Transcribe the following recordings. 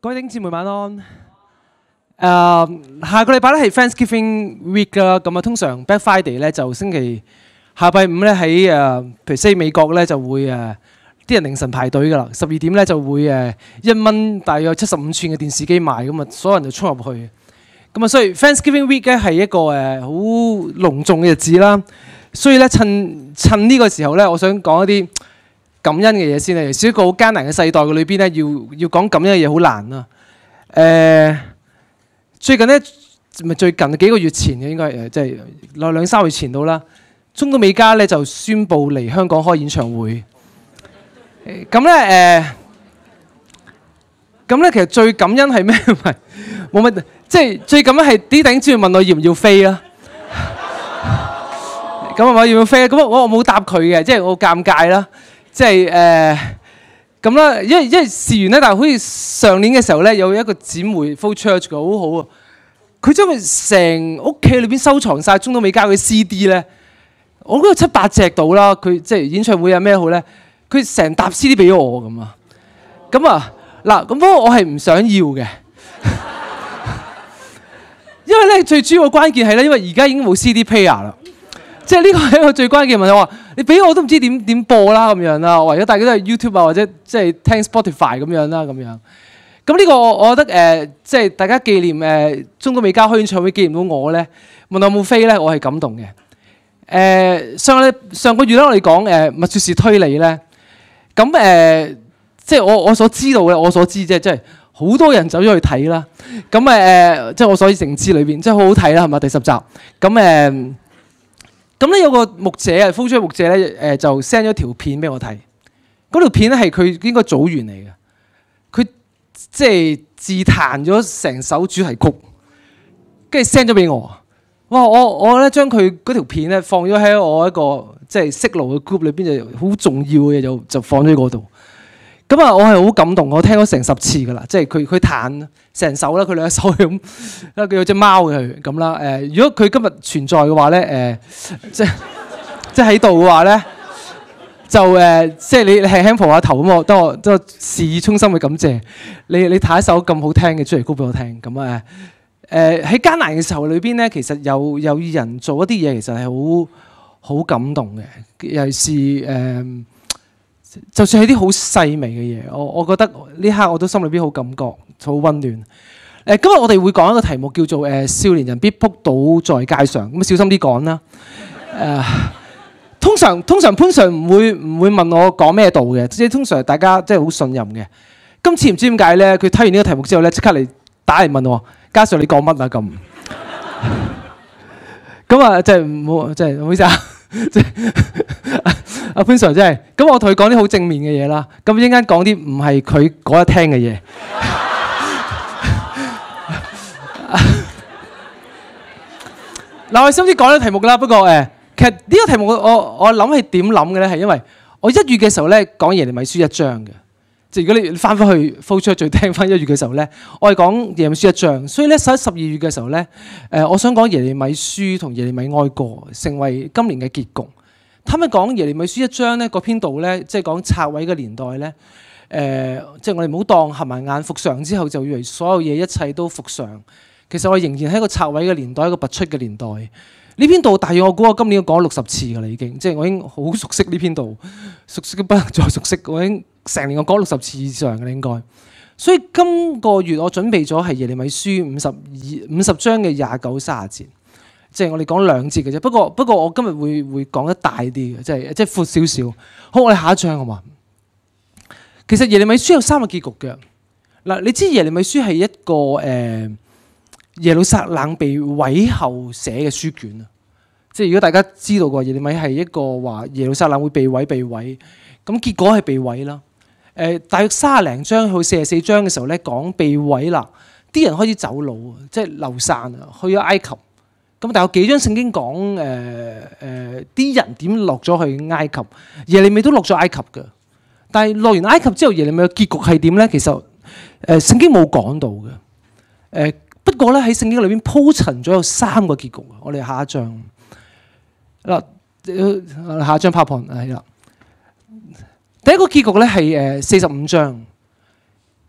各位弟兄姊妹晚安。誒、uh，下個禮拜咧係 Thanksgiving Week 啦，咁啊通常 Black Friday 咧就星期下拜五咧喺誒，譬如西美國咧就會誒，啲人凌晨排隊噶啦，十二點咧就會誒一蚊大約七十五吋嘅電視機賣咁啊，所有人就衝入去。咁啊，所以 Thanksgiving Week 咧係一個誒好隆重嘅日子啦，所以咧趁趁呢個時候咧，我想講一啲。感恩嘅嘢先咧，喺一個好艱難嘅世代嘅裏邊咧，要要講感恩嘅嘢好難啦。誒，最近咧，咪最近幾個月前嘅應該誒，即係兩三月前到啦。中島美嘉咧就宣布嚟香港開演唱會。咁咧誒，咁咧其實最感恩係咩？唔係冇乜，即係最感恩係啲頂先要問我要唔要飛啦。咁我話要唔要飛？咁我我冇答佢嘅，即係我尷尬啦。即係誒咁啦，因為因為試完咧，但係好似上年嘅時候咧，有一個姊妹 flow church 嘅好好啊，佢將佢成屋企裏邊收藏晒，中都美加嘅 CD 咧，我覺得有七八隻到啦。佢即係演唱會有咩好咧，佢成沓 CD 俾我咁啊，咁啊嗱，咁不過我係唔想要嘅， 因為咧最主要嘅關鍵係咧，因為而家已經冇 CD player 啦。即係呢個係一個最關鍵問題。我話你俾我都唔知點點播啦咁樣啦，或者大家都係 YouTube 啊，或者即係聽 Spotify 咁樣啦咁樣。咁呢個我覺得誒、呃，即係大家紀念誒、呃、中國美交開演唱會紀念到我咧，問我有冇飛咧，我係感動嘅。誒、呃、上上個月咧我哋講誒《墨、呃、雪是推理呢》咧，咁、呃、誒即係我我所知道嘅，我所知即係即係好多人走咗去睇啦。咁誒、呃、即係我所以成知裏邊即係好好睇啦，係咪？第十集。咁誒。呃咁咧有個牧者啊，非洲嘅牧者咧，誒、呃、就 send 咗條片俾我睇。嗰條片咧係佢應該組員嚟嘅，佢即係自彈咗成首主題曲，跟住 send 咗俾我。哇！我我咧將佢嗰條片咧放咗喺我一個即係 Signal 嘅 group 裏邊，就好重要嘅嘢就就放咗喺嗰度。咁啊、嗯，我係好感動，我聽咗成十次㗎喇，即係佢佢彈成首啦，佢兩首咁，因為佢有隻貓嘅佢咁啦。誒、呃，如果佢今日存在嘅話咧，誒、呃，即即喺度嘅話咧，就誒、呃，即係你輕輕撲下頭咁喎，得我得我，事事衷心嘅感謝你，你彈一首咁好聽嘅主題曲俾我聽。咁啊，誒、呃、喺艱難嘅時候裏邊咧，其實有有人做一啲嘢，其實係好好感動嘅，尤其是誒、呃就算係啲好細微嘅嘢，我我覺得呢刻我都心裏邊好感覺，好溫暖。誒、呃，今日我哋會講一個題目叫做《誒、呃、少年人必仆倒在街上》，嗯，咁小心啲講啦。誒、呃，通常通常潘 Sir 唔會唔會問我講咩道嘅，即係通常大家即係好信任嘅。今次唔知點解咧，佢睇完呢個題目之後咧，即刻嚟打嚟問我：嘉 Sir 你講乜啊咁？咁啊，即係唔好，即係唔好意思啊！即係阿潘 Sir，即係咁我同佢講啲好正面嘅嘢啦，咁一陣間講啲唔係佢嗰一聽嘅嘢。嗱，我先至講咗題目啦，不過誒，其實呢個題目我我我諗係點諗嘅咧，係因為我一月嘅時候咧講耶利米書一章嘅。即如果你翻返去 focus 出去再聽返一月嘅時候呢，我係講耶利米書一章，所以呢，十一、十二月嘅時候呢，誒、呃、我想講耶利米書同耶利米哀歌成為今年嘅結局。坦白講，耶利米書一章呢，個編度呢，即係講拆毀嘅年代呢，誒，即係我哋唔好當合埋眼復常之後，就以為所有嘢一切都復常。其實我仍然喺一個拆毀嘅年代，一個拔出嘅年代。呢篇道，大約我估我今年講六十次噶啦，已經即係我已應好熟悉呢篇道，熟悉到不能再熟悉。我已經成年我講六十次以上嘅應該。所以今個月我準備咗係耶利米書五十二五十章嘅廿九三十節，即係我哋講兩節嘅啫。不過不過我今日會會講得大啲嘅，即係即係闊少少。好，我哋下一章好嘛？其實耶利米書有三個結局嘅。嗱，你知耶利米書係一個誒耶路撒冷被毀後寫嘅書卷啊。即係如果大家知道過，耶利米係一個話耶路撒冷會被毀，被毀咁結果係被毀啦。誒，大約卅零章到四十四章嘅時候咧，講被毀啦，啲人開始走佬，即係流散啊，去咗埃及。咁但有幾章聖經講誒誒啲人點落咗去埃及，耶利米都落咗埃及嘅。但係落完埃及之後，耶利米嘅結局係點咧？其實誒、呃、聖經冇講到嘅誒、呃，不過咧喺聖經裏邊鋪陳咗有三個結局。我哋下一章。嗱，下張 PowerPoint 係啦。第一個結局咧係誒四十五章，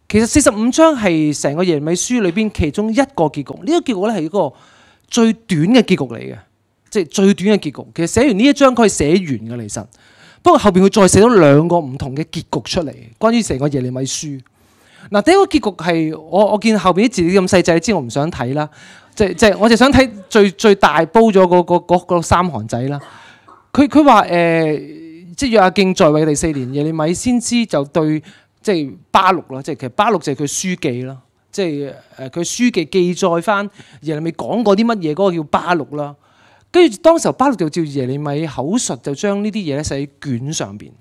其實四十五章係成個耶利米書裏邊其中一個結局。呢個結局咧係一個最短嘅結局嚟嘅，即係最短嘅結局。其實寫完呢一章佢係寫完嘅，其實不過後邊佢再寫咗兩個唔同嘅結局出嚟，關於成個耶利米書。嗱，第一個結局係我我見後邊啲字咁細細，知我唔想睇啦。即即、就是就是、我就想睇最最大煲咗嗰，那個那個那個、三行仔啦。佢佢話誒，即約阿敬在位第四年，耶利米先知就對即巴錄啦，即，即其實巴錄就係佢書記啦，即誒佢、呃、書記記載翻耶利米講過啲乜嘢嗰個叫巴錄啦。跟住當時巴錄就照耶利米口述，就將呢啲嘢咧寫喺卷上邊。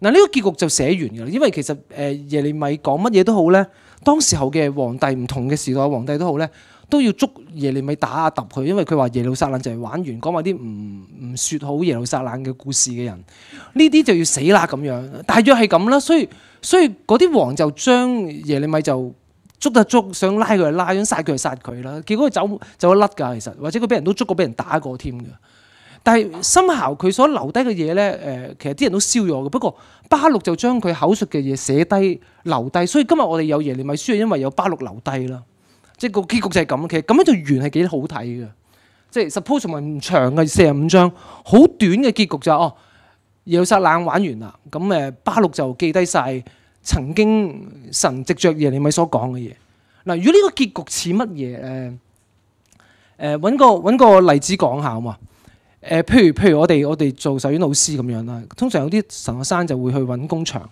嗱，呢個結局就寫完嘅啦，因為其實誒耶利米講乜嘢都好咧，當時候嘅皇帝唔同嘅時代皇帝都好咧。都要捉耶利米打啊揼佢，因為佢話耶路撒冷就係玩完，講埋啲唔唔説好耶路撒冷嘅故事嘅人，呢啲就要死啦咁樣。大約係咁啦，所以所以嗰啲王就將耶利米就捉啊捉，捉，捉，想拉佢去拉，想殺佢去殺佢啦。結果佢走走甩㗎，其實或者佢俾人都捉過，俾人打過添嘅。但係，申喉佢所留低嘅嘢咧，誒、呃，其實啲人都燒咗嘅。不過巴錄就將佢口述嘅嘢寫低留低，所以今日我哋有耶利米書係因為有巴錄留低啦。即係、就是哦、個結局就係咁嘅。其實咁樣就完係幾好睇嘅。即係 suppose 唔長嘅四十五章，好短嘅結局咋哦。約瑟冷耶路撒冷玩完啦，咁誒巴錄就記低晒曾經神直着藉著耶利米所講嘅嘢。嗱，如果呢個結局似乜嘢？誒誒揾個例子講下嘛。誒、呃、譬如譬如我哋我哋做神學院老師咁樣啦，通常有啲神學生就會去揾工場，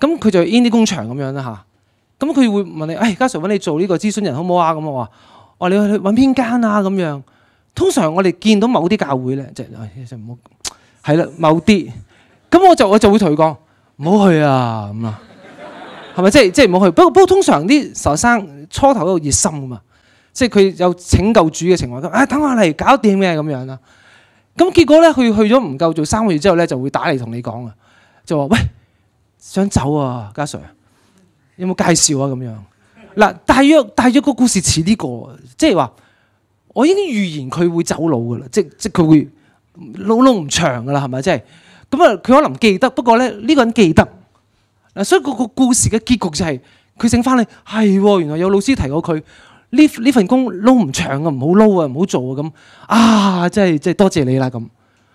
咁佢就 in 啲工場咁樣啦嚇。咁佢會問你，誒，嘉 Sir 揾你做呢個諮詢人好唔好啊？咁我話，我話你去揾邊間啊？咁樣，通常我哋見到某啲教會咧，即係唔好，係啦，某啲，咁我就我就會同佢講，唔好去啊，咁啊，係咪即係即係唔好去？不過不過通常啲神生初頭都熱心噶嘛，即係佢有拯救主嘅情況，咁誒等我嚟搞掂咩咁樣啦。咁結果咧，佢去咗唔夠做三個月之後咧，就會打嚟同你講啊，就話喂，想走啊，嘉 Sir。有冇介紹啊？咁樣嗱，大約大約個故事似呢、這個，即係話我已經預言佢會走佬噶啦，即即佢會撈撈唔長噶啦，係咪？即係咁啊，佢可能記得，不過咧呢、這個人記得嗱，所以個故事嘅結局就係佢整翻嚟，係、哎、原來有老師提過佢呢呢份工撈唔長啊，唔好撈啊，唔好做啊咁啊，即係即係多謝你啦咁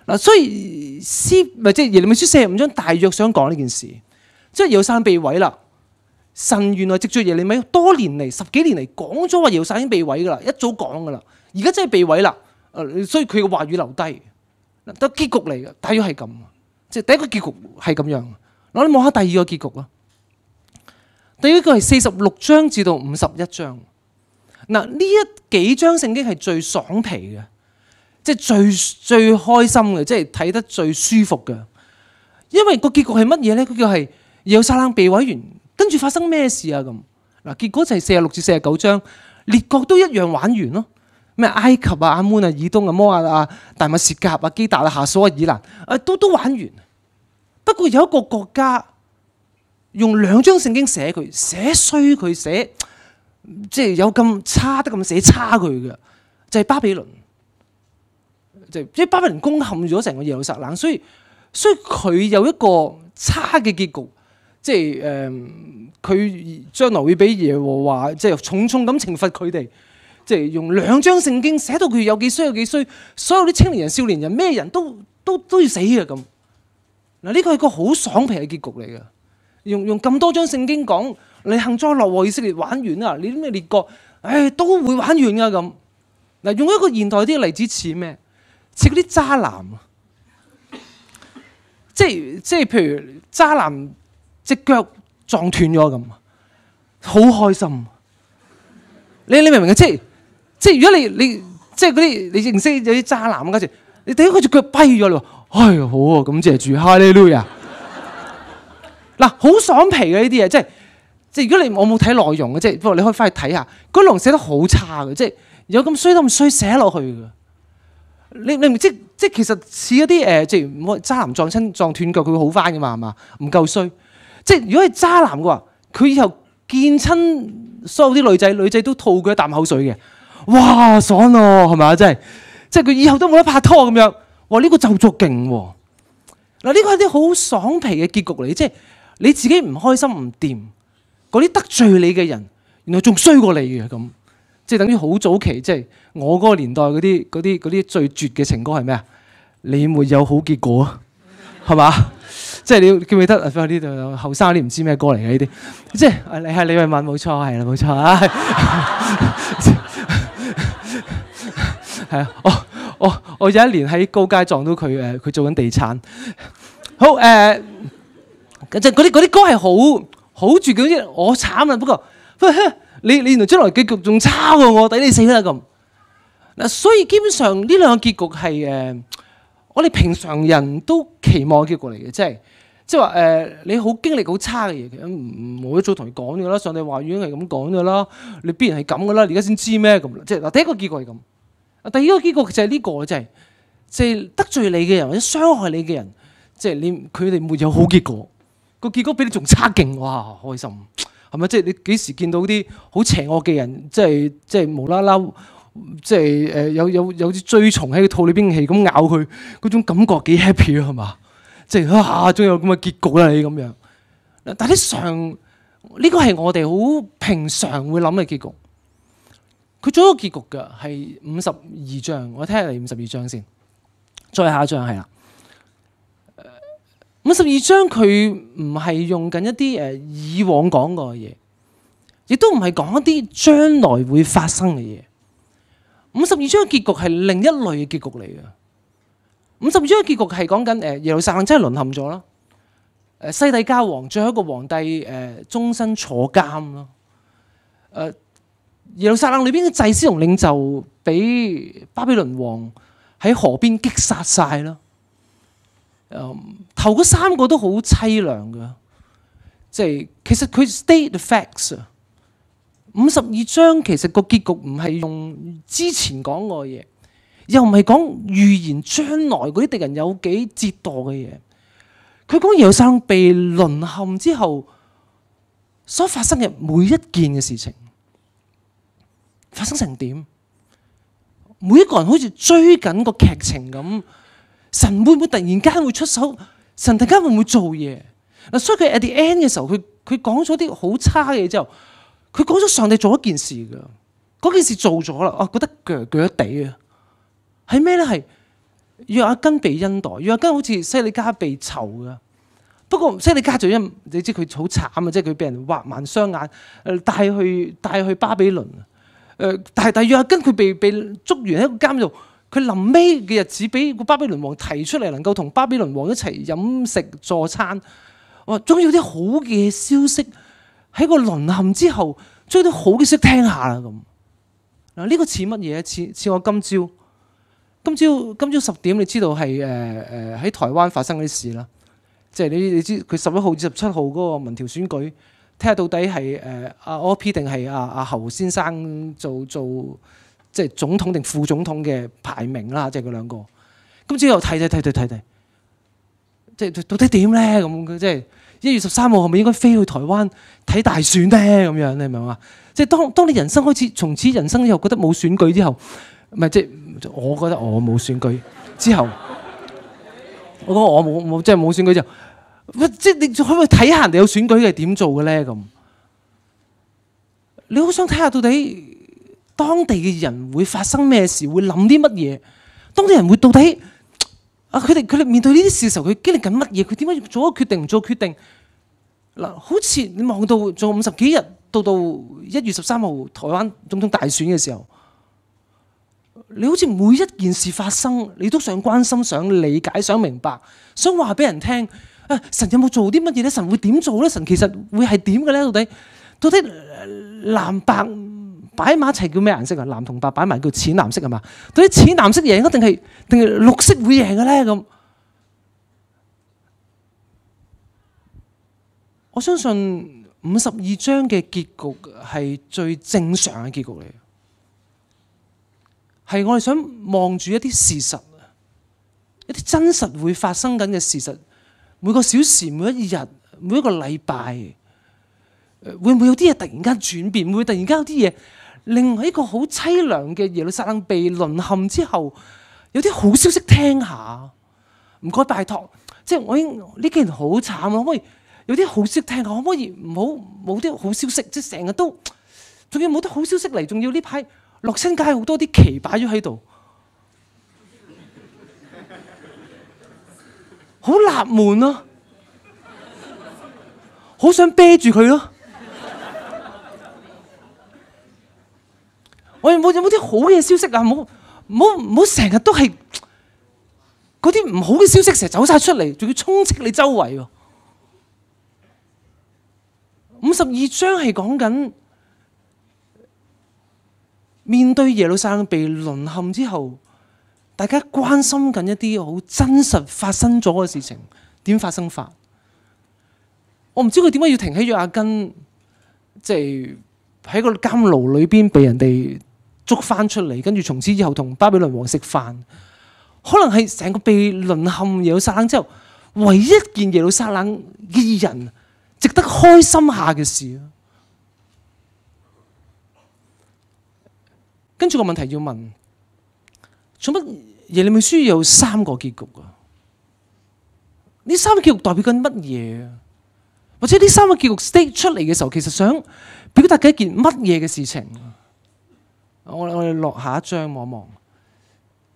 嗱。所以師咪即係耶利米書五十章大約想講呢件事，即係有山被位啦。神原來藉著耶利米多年嚟，十幾年嚟講咗話，耶路撒冷被毀噶啦，一早講噶啦。而家真係被毀啦，所以佢嘅話語留低嗱，得結局嚟嘅，大約係咁，即係第一個結局係咁樣。攞你望下第二個結局咯。第一個係四十六章至到五十一章嗱，呢一幾章聖經係最爽皮嘅，即係最最開心嘅，即係睇得最舒服嘅，因為個結局係乜嘢咧？佢叫係耶路撒冷被毀完。跟住發生咩事啊？咁嗱，結果就係四十六至四十九章，列國都一樣玩完咯。咩埃及啊、阿門啊、以東啊、摩押啊、大馬士革啊、基達啊、夏瑣啊、以蘭啊，都都玩完。不過有一個國家用兩章聖經寫佢寫衰佢寫，即係有咁差得咁寫差佢嘅，就係、是、巴比倫、就是。即係即係巴比倫攻陷咗成個耶路撒冷，所以所以佢有一個差嘅結局。即係誒，佢、嗯、將來會俾耶和華即係重重咁懲罰佢哋，即係用兩章聖經寫到佢有幾衰有幾衰，所有啲青年人、少年人咩人都都都要死啊！咁嗱，呢個係個好爽皮嘅結局嚟嘅，用用咁多章聖經講你幸災樂禍，以色列玩完啦，你啲咩列國，誒都會玩完噶咁。嗱，用一個現代啲例子似咩？似嗰啲渣男啊，即係即係譬如渣男。隻腳撞斷咗咁，好開心。你你明唔明啊？即係即係，如果你你即係嗰啲你認識有啲渣男嗰時，你第一佢隻腳跛咗啦，哎呀好啊，咁謝主哈利路亞啊嗱，好 爽皮嘅呢啲嘢，即係即係。即如果你我冇睇內容嘅，即係不過你可以翻去睇下嗰個內容寫得好差嘅，即係有咁衰都咁衰寫落去嘅。你你明即即，即其實似一啲誒、呃，即係渣男撞親撞斷腳，佢會好翻嘅嘛？係嘛？唔夠衰。即係如果係渣男嘅話，佢以後見親所有啲女仔，女仔都吐佢一啖口水嘅，哇爽咯係咪啊？真係，即係佢以後都冇得拍拖咁樣。哇呢、呢個就作勁喎！嗱、呢、呢個係啲好爽皮嘅結局嚟，即係你自己唔開心唔掂，嗰啲得罪你嘅人，原來仲衰過你嘅咁，即係等於好早期即係、就是、我嗰個年代嗰啲啲啲最絕嘅情歌係咩啊？你沒有好結果係嘛？ 即係你要記唔記得啊？呢度後生啲唔知咩歌嚟嘅呢啲，即係你係李慧敏冇錯係啦，冇錯啊，係啊！ 我我我有一年喺高街撞到佢誒，佢做緊地產。好誒，即係嗰啲啲歌係好好住嘅，我慘啦。不過 你你原來將來結局仲差過我，抵你死啦咁。嗱，所以基本上呢兩個結局係誒。呃我哋平常人都期望結果嚟嘅，即係即係話誒，你好經歷好差嘅嘢，咁唔唔冇得早同你講嘅啦。上帝話語已經係咁講嘅啦，你必然係咁嘅啦。而家先知咩咁？即係嗱，第一個結果係咁，啊，第二個結果就係呢個，即係即係得罪你嘅人或者傷害你嘅人，即係你佢哋冇有好結果，個、嗯、結果比你仲差勁哇，開心係咪？即係你幾時見到啲好邪惡嘅人，即係即係無啦啦。即係誒，有有有啲追蟲喺個肚裏邊嘅氣咁咬佢，嗰種感覺幾 happy 啊，係嘛？即係啊，終有咁嘅結局啦，你咁樣。但係啲呢個係我哋好平常會諗嘅結局。佢最後一個結局嘅係五十二章，我聽下嚟五十二章先。最後一章係啦。五十二章佢唔係用緊一啲誒以往講過嘅嘢，亦都唔係講一啲將來會發生嘅嘢。五十二章嘅結局係另一類嘅結局嚟嘅。五十二章嘅結局係講緊誒耶路撒冷真係淪陷咗啦，誒西底家王，最後一個皇帝，誒終身坐監咯。誒耶路撒冷裏邊嘅祭司同領袖俾巴比倫王喺河邊擊殺晒咯。誒頭嗰三個都好淒涼㗎，即係其實佢 state the facts。五十二章其實個結局唔係用之前講過嘢，又唔係講預言將來嗰啲敵人有幾折墮嘅嘢，佢講有生被淪陷之後所發生嘅每一件嘅事情，發生成點？每一個人好似追緊個劇情咁，神會唔會突然間會出手？神突然間會唔會做嘢？嗱，所以佢 at the end 嘅時候，佢佢講咗啲好差嘅嘢之後。佢講咗上帝做一件事嘅，嗰件事做咗啦，我覺得噉噉地啊，係咩咧？係約雅斤被恩待，約雅斤好似西底家被囚嘅。不過西底家就因為你知佢好慘啊，即係佢俾人挖盲雙眼，誒帶去帶去巴比倫啊，誒、呃、但係但係約雅斤，佢被被捉完喺個監獄，佢臨尾嘅日子俾個巴比倫王提出嚟能夠同巴比倫王一齊飲食助餐，我終於有啲好嘅消息。喺個淪陷之後，將啲好嘅識聽下啦咁。嗱，呢個似乜嘢？似似我今朝，今朝今朝十點你、呃呃就是你，你知道係誒誒喺台灣發生嗰啲事啦。即係你你知佢十一號至十七號嗰個民調選舉，睇下到底係誒阿柯 P 定係阿阿侯先生做做即係總統定副總統嘅排名啦，即係佢兩個。今朝又睇睇睇睇睇睇，即係到底點咧咁？佢即係。一月十三號係咪應該飛去台灣睇大選呢？咁樣你明唔明？即係當當你人生開始從此人生又覺得冇選舉之後，唔係即係我覺得我冇選舉之後， 我覺得我冇冇即係冇選舉之後，喂即係你可唔可以睇下人哋有選舉係點做嘅呢？咁你好想睇下到底當地嘅人會發生咩事，會諗啲乜嘢？當地人會到底？啊！佢哋佢哋面對呢啲事嘅時候，佢經歷緊乜嘢？佢點解要做個決定唔做決定？嗱，好似你望到做五十幾日，到到一月十三號台灣總統大選嘅時候，你好似每一件事發生，你都想關心、想理解、想明白、想話俾人聽。啊！神有冇做啲乜嘢咧？神會點做咧？神其實會係點嘅咧？到底到底藍白？擺埋一齊叫咩顏色啊？藍同白擺埋叫淺藍色係嘛？對，到淺藍色贏啊，定係定係綠色會贏嘅呢？咁，我相信五十二章嘅結局係最正常嘅結局嚟，係我哋想望住一啲事實，一啲真實會發生緊嘅事實，每個小時、每一日、每一個禮拜，會唔會有啲嘢突然間轉變？會會突然間有啲嘢？另外一個好淒涼嘅耶路撒冷被淪陷之後，有啲好消息聽下。唔該，拜託，即係我已經呢幾年好慘，可唔可以有啲好消息聽下？可唔可以唔好冇啲好消息，即係成日都仲要冇啲好消息嚟，仲要呢排落新街好多啲棋擺咗喺度，好納悶咯，好想啤住佢咯。我有冇有冇啲好嘅消息啊！冇冇冇，成日都係嗰啲唔好嘅消息，成日走晒出嚟，仲要充斥你周圍喎。五十二章係講緊面對耶路撒冷被淪陷之後，大家關心緊一啲好真實發生咗嘅事情點發生法？我唔知佢點解要停喺約雅斤，即係喺個監牢裏邊被人哋。捉翻出嚟，跟住從此以後同巴比倫王食飯，可能係成個被淪陷、耶路撒冷之後，唯一一件耶路撒冷嘅人值得開心下嘅事。跟住個問題要問：做乜耶利米書有三個結局㗎？呢三個結局代表緊乜嘢？或者呢三個結局 stick 出嚟嘅時候，其實想表達嘅一件乜嘢嘅事情？我我哋落下一張望一望，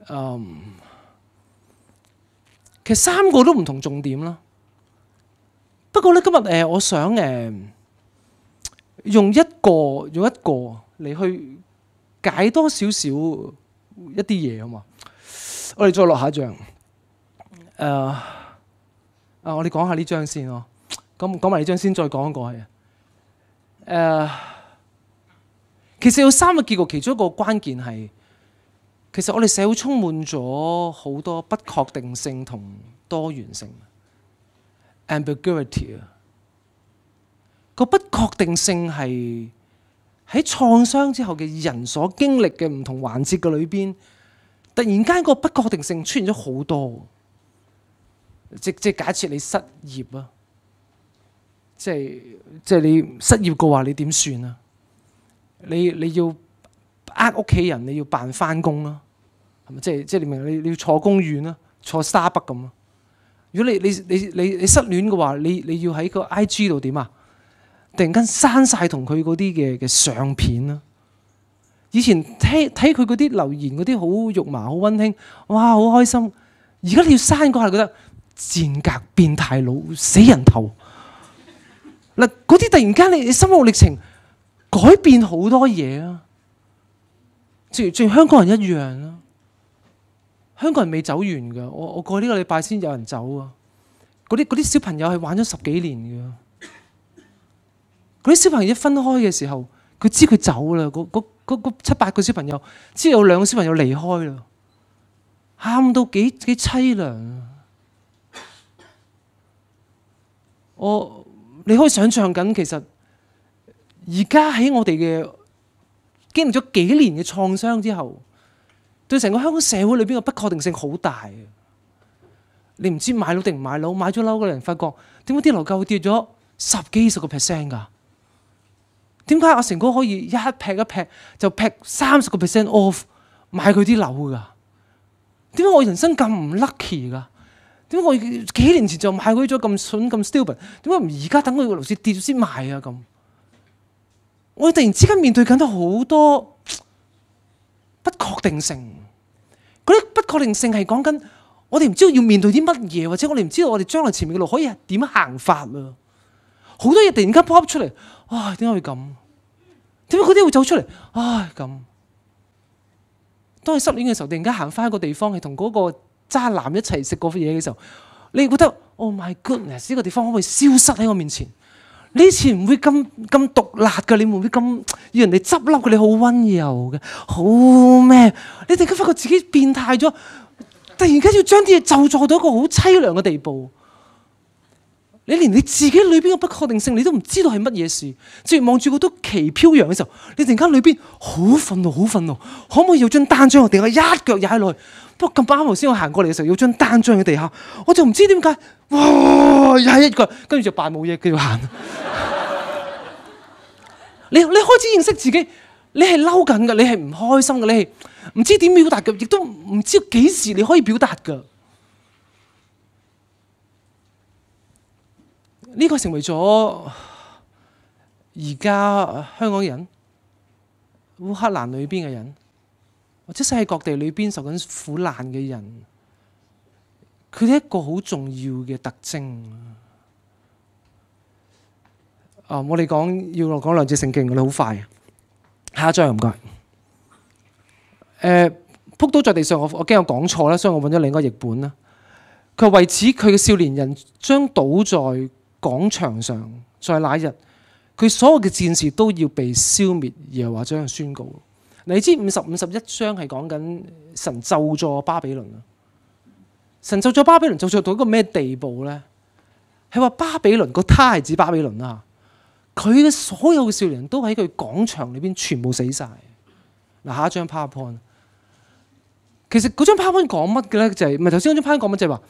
嗯，其實三個都唔同重點啦。不過咧，今日誒，我想誒用一個用一個嚟去解多少少一啲嘢啊嘛。我哋再落下一張，誒，啊，我哋講下呢張先咯。咁講埋呢張先，再講一個，誒。其實有三個結局，其中一個關鍵係，其實我哋社會充滿咗好多不確定性同多元性。Yeah. ambiguity 啊，個不確定性係喺創傷之後嘅人所經歷嘅唔同環節嘅裏邊，突然間個不確定性出現咗好多。即即係假設你失業啊，即係即係你失業嘅話，你點算啊？你你要呃屋企人，你要扮翻工咯，係咪？即係即係你明？你你要坐公園啦，坐 Starbucks 咁啊。如果你你你你你失戀嘅話，你你要喺個 I G 度點啊？突然間刪晒同佢嗰啲嘅嘅相片啊。以前睇睇佢嗰啲留言，嗰啲好肉麻，好温馨，哇，好開心。而家你要刪嗰下，覺得賤格、變態佬、死人頭。嗱，嗰啲突然間你心路歷程。改變好多嘢啊！正如香港人一樣啊。香港人未走完㗎。我我過呢個禮拜先有人走啊。嗰啲啲小朋友係玩咗十幾年嘅，嗰啲小朋友一分開嘅時候，佢知佢走啦。嗰七八個小朋友，知有兩個小朋友離開啦，喊到幾幾淒涼啊！我你可以想像緊其實。而家喺我哋嘅經歷咗幾年嘅創傷之後，對成個香港社會裏邊嘅不確定性好大啊！你唔知買樓定唔買樓，買咗樓嘅人發覺點解啲樓價會跌咗十幾二十個 percent 㗎？點解阿成哥可以一劈一劈就劈三十個 percent off 買佢啲樓㗎？點解我人生咁唔 lucky 㗎？點解我幾年前就買佢咗咁筍咁 stupid？點解唔而家等佢個樓市跌咗先買啊？咁？我突然之間面對緊都好多不確定性，嗰啲不確定性係講緊我哋唔知道要面對啲乜嘢，或者我哋唔知道我哋將來前面嘅路可以係點行法啊！好多嘢突然間 pop 出嚟，唉，點解會咁？點解嗰啲會走出嚟？唉，咁當你失戀嘅時候，突然間行翻一個地方，係同嗰個渣男一齊食過嘢嘅時候，你覺得 Oh my goodness！呢個地方可唔可以消失喺我面前？你以前唔會咁咁毒辣嘅，你唔會咁要人哋執笠嘅，你好溫柔嘅，好咩？你突然間發覺自己變態咗，突然間要將啲嘢就坐到一個好淒涼嘅地步。你連你自己裏邊嘅不確定性，你都唔知道係乜嘢事。即係望住個都旗飄揚嘅時候，你突然間裏邊好憤怒，好憤怒，可唔可以有張單張我？定係一腳踩落去？不過咁啱，頭先我行過嚟嘅時候有張單張喺地下，我就唔知點解，哇，又係一個，跟住就扮冇嘢，繼續行。 你你開始認識自己，你係嬲緊嘅，你係唔開心嘅，你係唔知點表達嘅，亦都唔知幾時你可以表達嘅。呢、這個成為咗而家香港人、烏克蘭裏邊嘅人。即係世界各地裏邊受緊苦難嘅人，佢哋一個好重要嘅特徵。哦、啊，我哋講要講兩節聖經，我哋好快，下一張唔該。誒，呃，仆倒在地上，我我驚我講錯啦，所以我揾咗另一個譯本啦。佢為此，佢嘅少年人將倒在廣場上，在那日，佢所有嘅戰士都要被消滅，而係話將宣告。你知五十五十一章係講緊神咒咗巴比倫啊？神咒咗巴比倫就做到一個咩地步咧？係話巴比倫個他係指巴比倫啊，佢嘅所有嘅少年都喺佢廣場裏邊全部死晒。嗱，下一張 powerpoint。其實嗰張 powerpoint 講乜嘅咧？就係唔係頭先嗰張 powerpoint 講乜？就係、是、話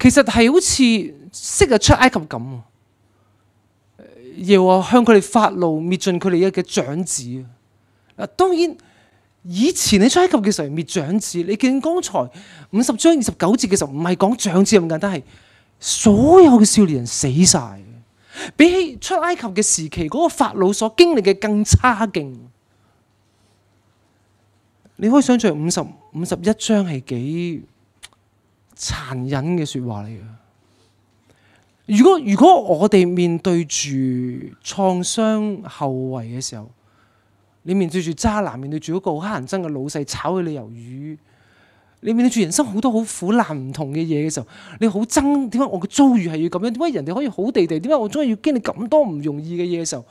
其實係好似昔日出埃及咁。耶和向佢哋發怒，滅盡佢哋一嘅長子。嗱，當然以前你出埃及嘅時候滅長子，你見剛才五十章二十九節嘅時候唔係講長子咁簡單，係所有嘅少年人死晒。比起出埃及嘅時期嗰個法老所經歷嘅更差勁。你可以想象五十五十一章係幾殘忍嘅説話嚟嘅。如果如果，我哋面對住創傷後遺嘅時候，你面對住渣男，面對住一個好黑人憎嘅老細炒佢魷魚，你面對住人生好多好苦難唔同嘅嘢嘅時候，你好憎點解我嘅遭遇係要咁樣？點解人哋可以好地地？點解我終於要經歷咁多唔容易嘅嘢嘅時候，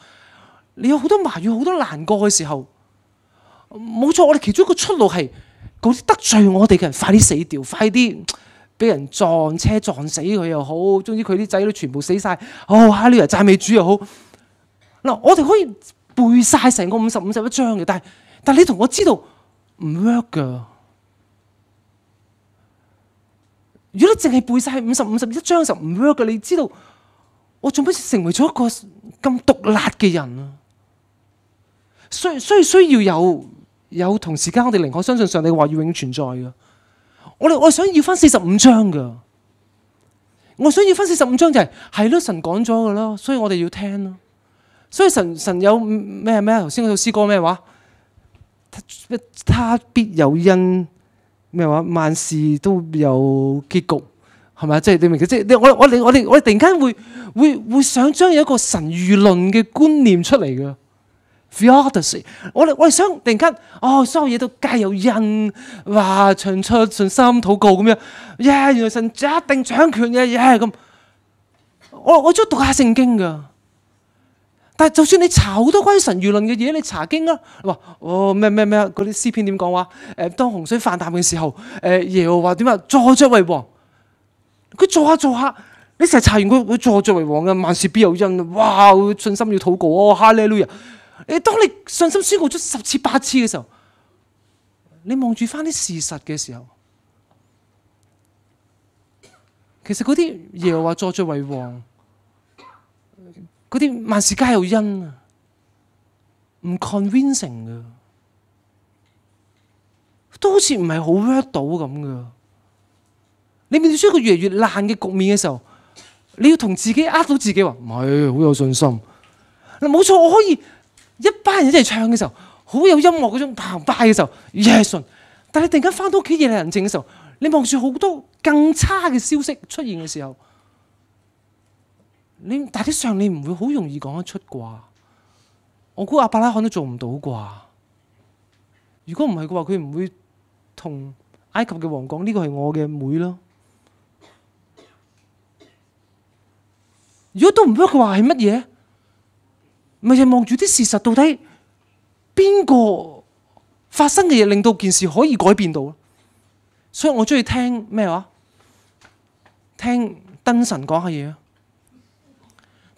你有好多埋怨，好多難過嘅時候，冇錯，我哋其中一個出路係嗰啲得罪我哋嘅人快啲死掉，快啲俾人撞車撞死佢又好，總之佢啲仔女全部死晒。哦，哈利路亞讚美主又好，嗱，我哋可以。背晒成個五十五十一章嘅，但係但係你同我知道唔 work 噶。如果淨係背晒五十五十一章就唔 work 噶你知道我做乜成為咗一個咁獨立嘅人啊？所以所以需要有有同時間，我哋寧可相信上帝嘅話要永存在嘅。我哋我想要翻四十五章噶我想要翻四十五章就係係咯，神講咗噶咯，所以我哋要聽咯。所以神神有咩咩？頭先嗰首詩歌咩話？他必有因咩話？萬事都有結局係咪啊？即係點明即係、就是、我哋我哋我哋我哋突然間會會會，會想將有一個神輿論嘅觀念出嚟嘅。Theology 我哋我哋想突然間哦，所有嘢都皆有因，哇！唱出信心禱告咁樣，耶！原來神一定掌權嘅，嘢係咁。我我中意讀下聖經嘅。但係就算你查好多關於神預論嘅嘢，你查經啦、啊。哇，哦咩咩咩嗰啲詩篇點講話？誒當洪水泛濫嘅時候，誒耶和華點啊，坐著為王。佢坐下坐下，你成日查完佢、那、佢、個、坐著為王嘅萬事必有因啊！哇，信心要禱告啊，哈利路亞。誒，當你信心宣告咗十次八次嘅時候，你望住翻啲事實嘅時候，其實嗰啲耶和華坐著為王。嗰啲萬事皆有因啊，唔 convincing 噶，都好似唔係好 read 到咁噶。你面對住一個越嚟越爛嘅局面嘅時候，你要同自己呃到自己話：唔係，好有信心。嗱，冇錯，我可以一班人一齊唱嘅時候，好有音樂嗰種澎湃嘅時候，yes，但係突然間返到屋企夜闌人靜嘅時候，你望住好多更差嘅消息出現嘅時候，你大啲上你唔會好容易講得出啩？我估阿伯拉罕都做唔到啩。如果唔係嘅話，佢唔會同埃及嘅王講呢個係我嘅妹咯。如果都唔 work，佢話係乜嘢？咪就係望住啲事實到底邊個發生嘅嘢令到件事可以改變到？所以我中意聽咩話？聽燈神講下嘢啊！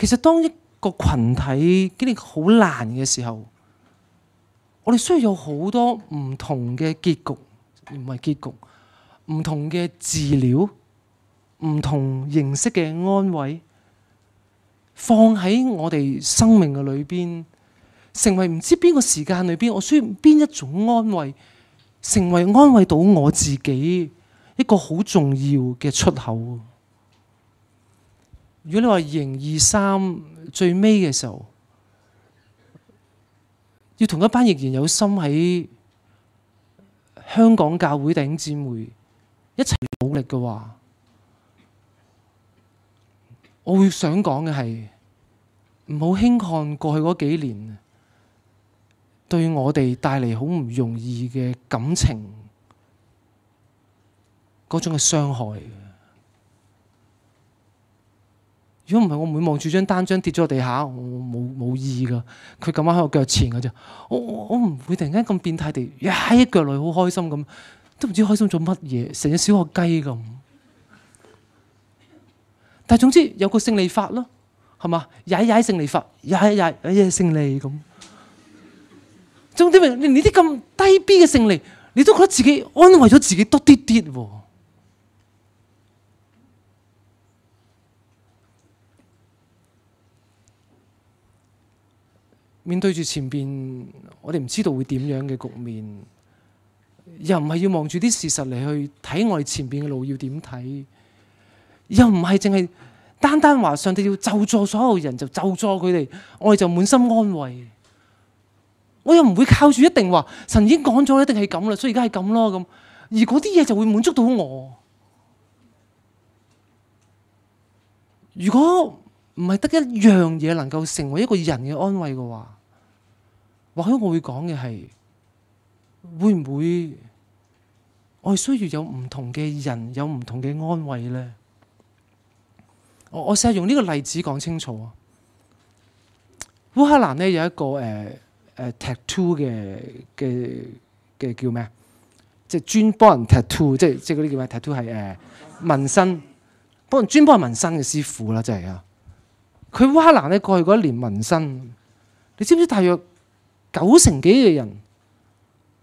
其實當一個群體經歷好難嘅時候，我哋需要有好多唔同嘅結局，唔係結局，唔同嘅治療，唔同形式嘅安慰，放喺我哋生命嘅裏邊，成為唔知邊個時間裏邊，我需要邊一種安慰，成為安慰到我自己一個好重要嘅出口。如果你話二零二三最尾嘅時候，要同一班仍然有心喺香港教會頂尖會一齊努力嘅話，我會想講嘅係唔好輕看過去嗰幾年對我哋帶嚟好唔容易嘅感情嗰種嘅傷害。如果唔係我唔會望住張單張跌咗個地下，我冇冇意義噶。佢咁啱喺我腳前嘅咋，我我唔會突然間咁變態地踹一腳落去，好開心咁，都唔知開心做乜嘢，成隻小學雞咁。但係總之有個勝利法咯，係嘛？踹踹勝利法，踹踹誒勝利咁。重點係你呢啲咁低 B 嘅勝利，你都覺得自己安慰咗自己多啲啲喎。面對住前面，我哋唔知道會點樣嘅局面，又唔係要望住啲事實嚟去睇我哋前面嘅路要點睇，又唔係淨係單單話上帝要救助所有人就救助佢哋，我哋就滿心安慰。我又唔會靠住一定話神已經講咗一定係咁啦，所以而家係咁咯，咁，而嗰啲嘢就會滿足到我。如果唔係得一樣嘢能夠成為一個人嘅安慰嘅話，或許我會講嘅係，會唔會我哋需要有唔同嘅人有唔同嘅安慰咧？我我試下用呢個例子講清楚啊！烏克蘭咧，有一個誒誒、呃呃、tattoo 嘅嘅嘅叫咩？即係專幫人 tattoo，即係即係嗰啲叫咩 tattoo 係誒、呃、紋身，幫人專幫紋身嘅師傅啦，即係啊！佢烏克蘭咧，過去嗰一年紋身，你知唔知大約九成幾嘅人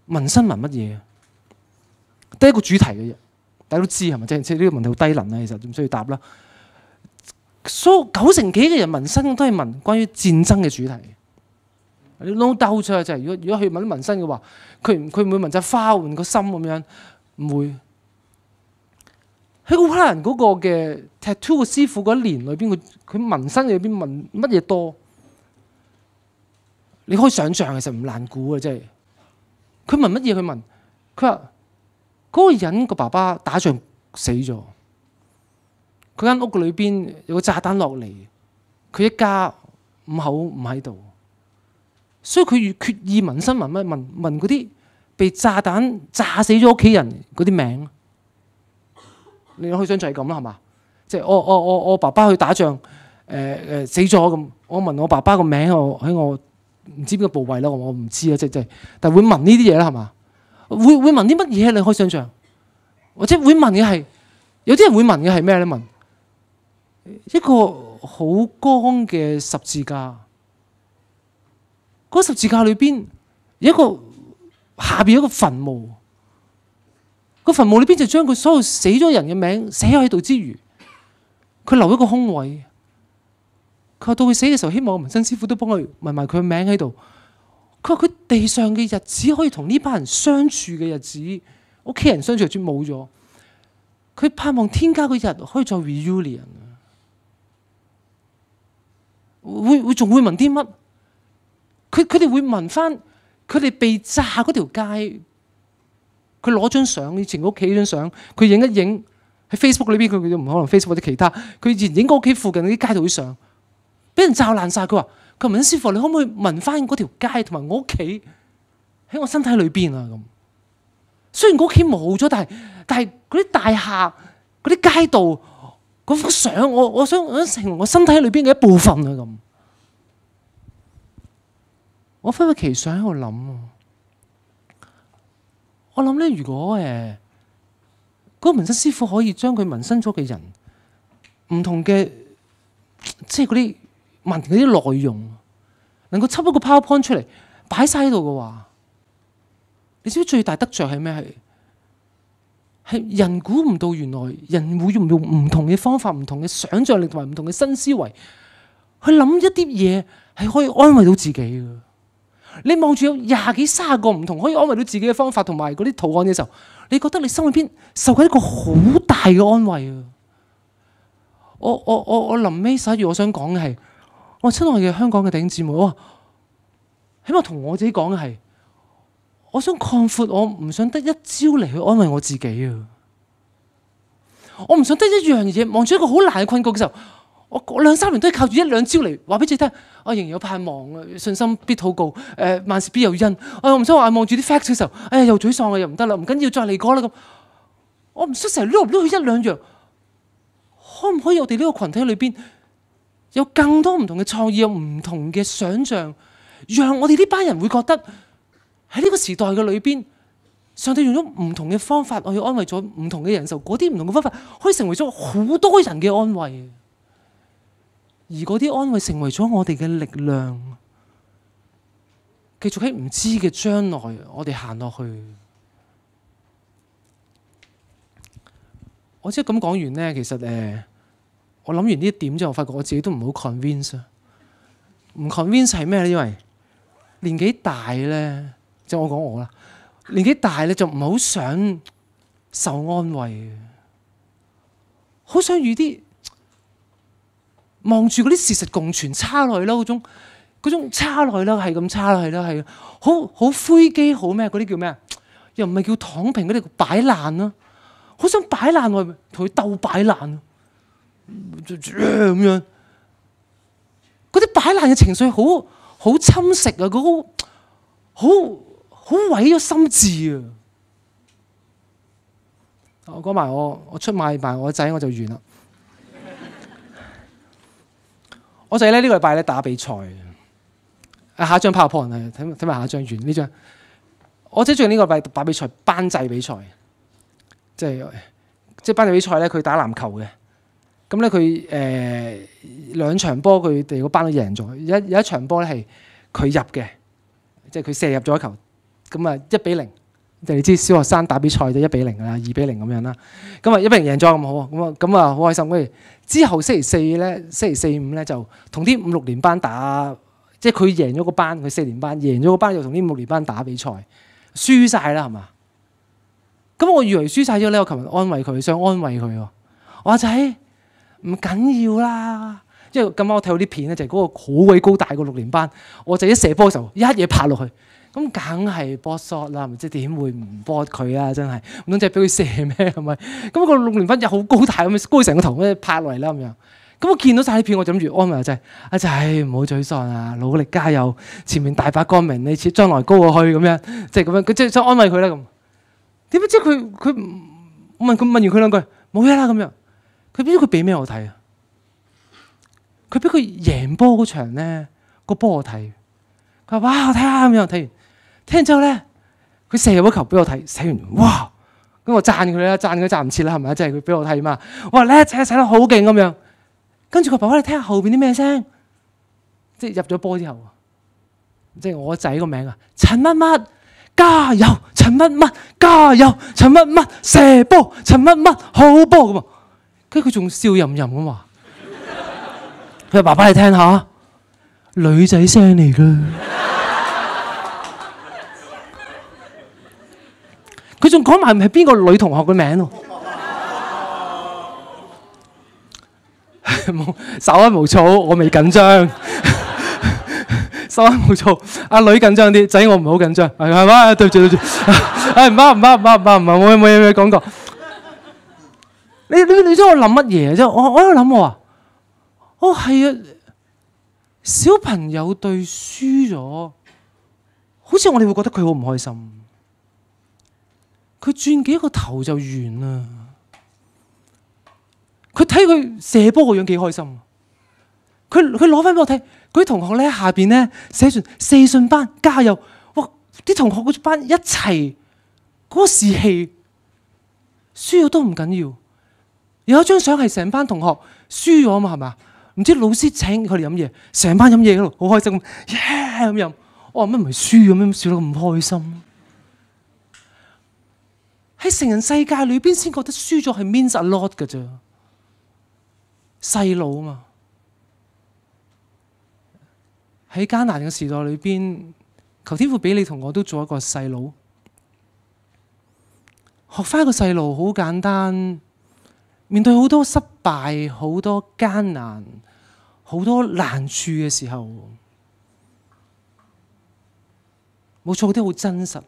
紋身紋乜嘢啊？得一個主題嘅嘢，大家都知係咪？即係即呢個問題好低能啊！其實唔需要答啦。所、so, 以九成幾嘅人紋身都係紋關於戰爭嘅主題。你撈兜出去就係如果如果去紋啲紋身嘅話，佢佢唔會紋就花換個心咁樣，唔會。喺烏克蘭嗰個嘅 Tattoo 個師傅嗰一年裏邊，佢佢紋身裏邊紋乜嘢多？你可以想象其實唔難估嘅。真係。佢紋乜嘢？佢紋，佢話嗰個人個爸爸打仗死咗，佢間屋嘅裏邊有個炸彈落嚟，佢一家五口唔喺度，所以佢越決意紋身紋乜紋紋嗰啲被炸彈炸死咗屋企人嗰啲名。你可以想象係咁啦，係嘛？即係我我我我爸爸去打仗，誒誒死咗咁。我問我爸爸個名，我喺我唔知邊個部位啦，我唔知啊，即即係，但會問呢啲嘢啦，係嘛？會會問啲乜嘢？你可以想象，或者會問嘅係，有啲人會問嘅係咩咧？問一個好光嘅十字架，嗰十字架裏邊一個下邊一個墳墓。個墳墓裏邊就將佢所有死咗人嘅名寫喺度之餘，佢留一個空位。佢話到佢死嘅時候，希望紋身師傅都幫佢紋埋佢嘅名喺度。佢話佢地上嘅日子可以同呢班人相處嘅日子，屋企人相處日子冇咗，佢盼望天家嘅日可以再 reunion。會會仲會問啲乜？佢佢哋會問翻佢哋被炸嗰條街。佢攞張相，以前屋企張相，佢影一影喺 Facebook 裏邊，佢佢都唔可能 Facebook 或者其他，佢然影個屋企附近啲街道啲相，俾人炸爛晒。佢話：佢問師傅，你可唔可以紋返嗰條街同埋我屋企喺我身體裏邊啊？咁雖然個屋企冇咗，但係但係嗰啲大廈、嗰啲街道、嗰幅相，我我想成為我身體裏邊嘅一部分啊！咁我忽發奇想喺度諗啊～我我諗咧，如果誒，嗰個紋身師傅可以將佢紋身咗嘅人唔同嘅，即係嗰啲紋嗰啲內容，能夠輯一個 PowerPoint 出嚟，擺晒喺度嘅話，你知唔知最大得着係咩？係係人估唔到，原來人會用用唔同嘅方法、唔同嘅想象力同埋唔同嘅新思維去諗一啲嘢，係可以安慰到自己嘅。你望住有廿幾卅個唔同可以安慰到自己嘅方法同埋嗰啲圖案嘅時候，你覺得你心裏邊受緊一個好大嘅安慰啊！我我我我臨尾寫住我想講嘅係，我親愛嘅香港嘅頂子妹啊，起碼同我自己講嘅係，我想擴闊，我唔想得一招嚟去安慰我自己啊！我唔想得一樣嘢，望住一個好難嘅困局嘅時候。我我兩三年都係靠住一兩招嚟話俾自己聽，我仍然有盼望啊！信心必禱告，誒、呃、萬事必有因。哎、我唔想話望住啲 facts 嘅時候，哎呀又沮喪啊，又唔得啦，唔緊要再嚟過啦咁。我唔想成日碌嚕撈去一兩樣，可唔可以我哋呢個群體裏邊有更多唔同嘅創意，有唔同嘅想像，讓我哋呢班人會覺得喺呢個時代嘅裏邊，上帝用咗唔同嘅方法我去安慰咗唔同嘅人受嗰啲唔同嘅方法，可以成為咗好多人嘅安慰。而嗰啲安慰成為咗我哋嘅力量，繼續喺唔知嘅將來，我哋行落去。我即係咁講完咧，其實誒，我諗完呢一點之後，我發覺我自己都唔好 convince。唔 convince 係咩咧？因為年紀大咧，即係我講我啦，年紀大咧就唔好想受安慰，好想遇啲。望住嗰啲事實共存，差落去咯嗰種嗰種差落去咯，係咁差落去咯，係咯，係啊，好好灰機好咩？嗰啲叫咩啊？又唔係叫躺平嗰啲擺爛啦，好想擺爛我，同佢鬥擺爛，咁樣嗰啲擺爛嘅情緒好好侵蝕啊！嗰好好毀咗心智啊！我講埋我，我出賣埋我仔，我就完啦。我仔咧，呢個禮拜咧打比賽，下一張 PowerPoint 睇睇埋下一張完呢張。我仔最近呢個禮拜打比賽，班際比賽，即係即係班際比賽咧，佢打籃球嘅。咁咧佢誒兩場波佢哋個班都贏咗，有有一場波咧係佢入嘅，即係佢射入咗球，咁啊一比零，就你知小學生打比賽就一比零噶啦，二比零咁樣啦。咁啊一比零贏咗咁好喎，咁啊咁啊好開心。喂，之後星期四咧，星期四五咧就同啲五六年班打，即係佢贏咗個班，佢四年班贏咗個班，就同啲六年班打比賽，輸晒啦係嘛？咁我以為輸晒咗咧，我琴日安慰佢，想安慰佢喎。我仔唔緊要啦，因為咁啱我睇到啲片咧，就係、是、嗰個好鬼高大個六年班，我仔一射波嘅時候一嘢拍落去。咁梗係波 shot 啦，唔知點會唔波佢啊？真係咁即係俾佢射咩咁係咪？咁 個六年班就好高大咁，高成個頭咧拍落嚟啦咁樣。咁我見到晒啲片，我就諗住安慰阿仔：阿仔唔好沮喪啊、哎，努力加油，前面大把光明，你似將來高過去咁樣，即係咁樣。佢即係想安慰佢啦。咁點解知佢佢問佢問完佢兩句冇嘢啦咁樣。佢邊知佢俾咩我睇啊？佢俾佢贏波嗰場咧、個波我睇。佢話：哇，我睇下咁樣睇完。聽完之後咧，佢射波球俾我睇，射完，哇！咁我讚佢啦，讚佢讚唔切啦，係咪啊？即係佢俾我睇嘛，哇！叻仔，射得好勁咁樣。跟住個爸爸，你聽下後邊啲咩聲？即係入咗波之後，即係我仔個名啊！陳乜乜加油，陳乜乜加油，陳乜乜射波，陳乜乜好波咁啊！跟住佢仲笑吟吟咁話，佢話 爸爸你聽下，女仔聲嚟噶。佢仲講埋係邊個女同學嘅名咯，冇稍安勿躁，我未緊張，稍安勿躁。阿女緊張啲，仔我唔係好緊張，係嘛？對住對住，誒，唔好唔好唔好唔好，唔係冇嘢冇嘢冇嘢講過。你你你知我諗乜嘢啫？我我喺度諗喎，哦係啊，小朋友隊輸咗，好似我哋會覺得佢好唔開心。佢轉幾個頭就完啦。佢睇佢射波個樣幾開心。佢佢攞翻俾我睇，佢啲同學咧下邊咧寫信，四信班加油。哇！啲同學嗰班一齊嗰士氣輸咗都唔緊要。有一張相係成班同學輸咗嘛？係嘛？唔知老師請佢哋飲嘢，成班飲嘢嗰度好開心咁，咁、yeah! 飲。我話乜唔係輸咁樣笑得咁開心。喺成人世界裏邊先覺得輸咗係 means a lot 嘅咋，細路啊嘛，喺艱難嘅時代裏邊，求天父俾你同我都做一個細路，學翻一個細路好簡單，面對好多失敗、好多艱難、好多難處嘅時候，冇錯，啲好真實。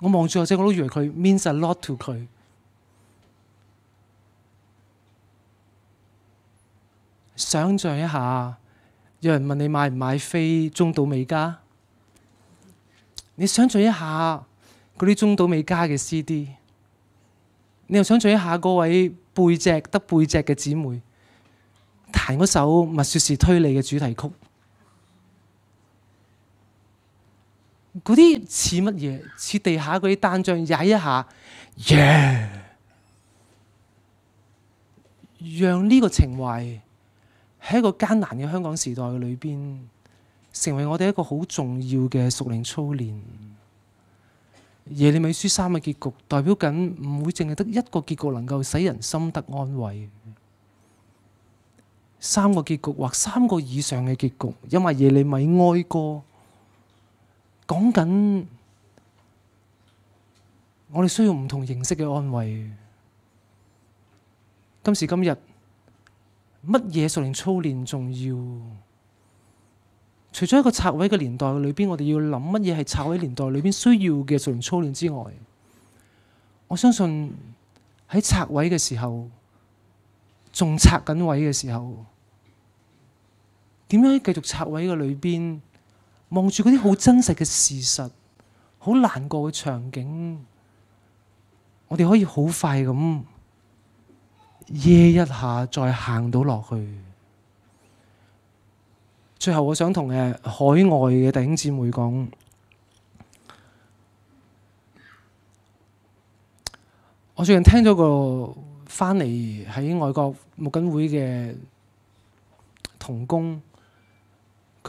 我望住我姐，我都以為佢 means a lot to 佢。想像一下，有人問你買唔買飛中島美嘉？你想像一下嗰啲中島美嘉嘅 CD，你又想像一下嗰位背脊得背脊嘅姐妹彈嗰首《蜜雪是推理》嘅主題曲。嗰啲似乜嘢？似地下嗰啲單張踩一下，耶！Yeah! 讓呢個情懷喺一個艱難嘅香港時代嘅裏邊，成為我哋一個好重要嘅熟齡操練。Mm hmm. 耶利米書三嘅結局，代表緊唔會淨係得一個結局能夠使人心得安慰。三個結局或三個以上嘅結局，因為耶利米哀歌。講緊我哋需要唔同形式嘅安慰。今時今日，乜嘢熟練操練重要？除咗一個拆位嘅年代裏邊，我哋要諗乜嘢係拆位年代裏邊需要嘅熟練操練之外，我相信喺拆位嘅時候，仲拆緊位嘅時候，點樣繼續拆位嘅裏邊？望住嗰啲好真實嘅事實，好難過嘅場景，我哋可以好快咁耶一下，再行到落去。最後，我想同誒海外嘅弟兄姊妹講，我最近聽咗個翻嚟喺外國木槿會嘅童工。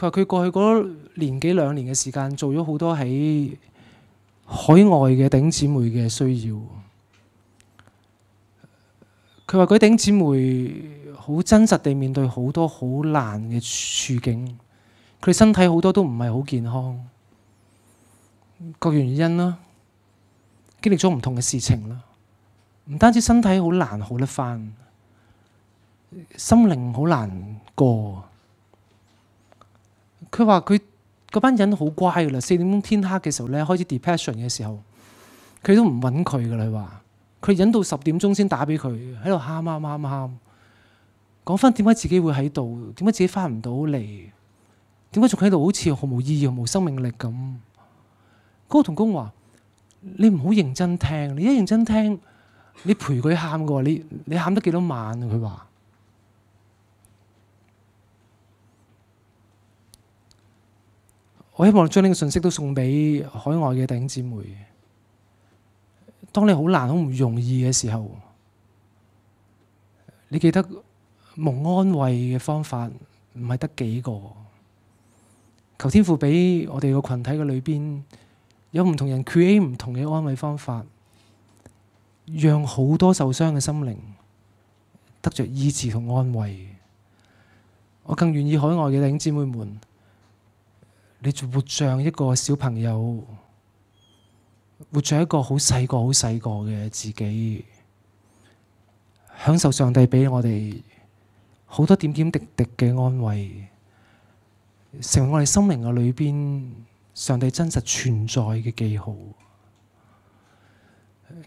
佢話：佢過去嗰年幾兩年嘅時間，做咗好多喺海外嘅頂姊妹嘅需要。佢話佢頂姊妹好真實地面對好多好難嘅處境，佢哋身體好多都唔係好健康，各樣原因啦、啊，經歷咗唔同嘅事情啦，唔單止身體好難好得返，心靈好難過。佢話：佢嗰班人好乖噶啦，四點鐘天黑嘅時候咧，開始 depression 嘅時候，佢都唔揾佢噶啦。佢話：佢忍到十點鐘先打俾佢，喺度喊喊喊喊，講翻點解自己會喺度，點解自己翻唔到嚟，點解仲喺度好似毫無意義、毫無生命力咁。高同工話：你唔好認真聽，你一認真聽，你陪佢喊嘅話，你你喊得幾多晚啊？佢話。我希望將呢個信息都送俾海外嘅弟兄姊妹。當你好難、好唔容易嘅時候，你記得蒙安慰嘅方法唔係得幾個。求天父畀我哋個群體嘅裏邊有唔同人 create 唔同嘅安慰方法，讓好多受傷嘅心靈得着醫治同安慰。我更願意海外嘅弟兄姊妹們。你就活像一個小朋友，活像一個好細個、好細個嘅自己，享受上帝俾我哋好多點點滴滴嘅安慰，成為我哋生命裏邊上帝真實存在嘅記號。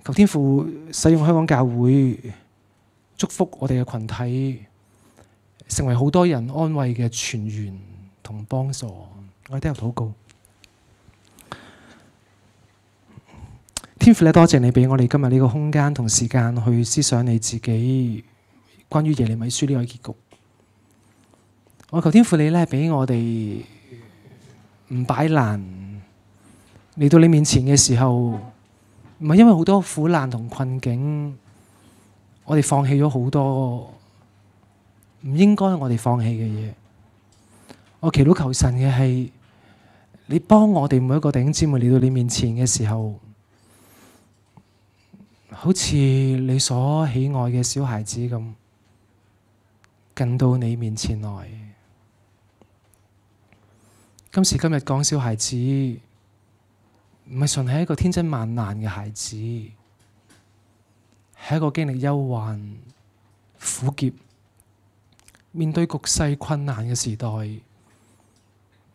求天父使用香港教會，祝福我哋嘅群體，成為好多人安慰嘅傳員同幫助。我聽人禱告，天父咧，多謝你俾我哋今日呢個空間同時間去思想你自己關於耶利米書呢個結局。我求天父你咧俾我哋唔擺爛，嚟到你面前嘅時候，唔係因為好多苦難同困境，我哋放棄咗好多唔應該我哋放棄嘅嘢。我祈禱求，求神嘅係，你幫我哋每一個弟兄姊妹嚟到你面前嘅時候，好似你所喜愛嘅小孩子咁，近到你面前來。今時今日講小孩子，唔係純係一個天真萬難嘅孩子，係一個經歷憂患、苦澀、面對局勢困難嘅時代。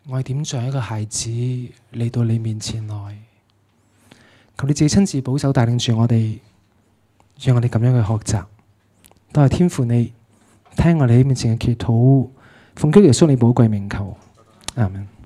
我哋點樣像一個孩子嚟到你面前來？求你自己親自保守帶領住我哋，讓我哋咁樣去學習。都係天父，你聽我哋面前嘅祈禱，奉基督耶穌你寶貴名求，阿門。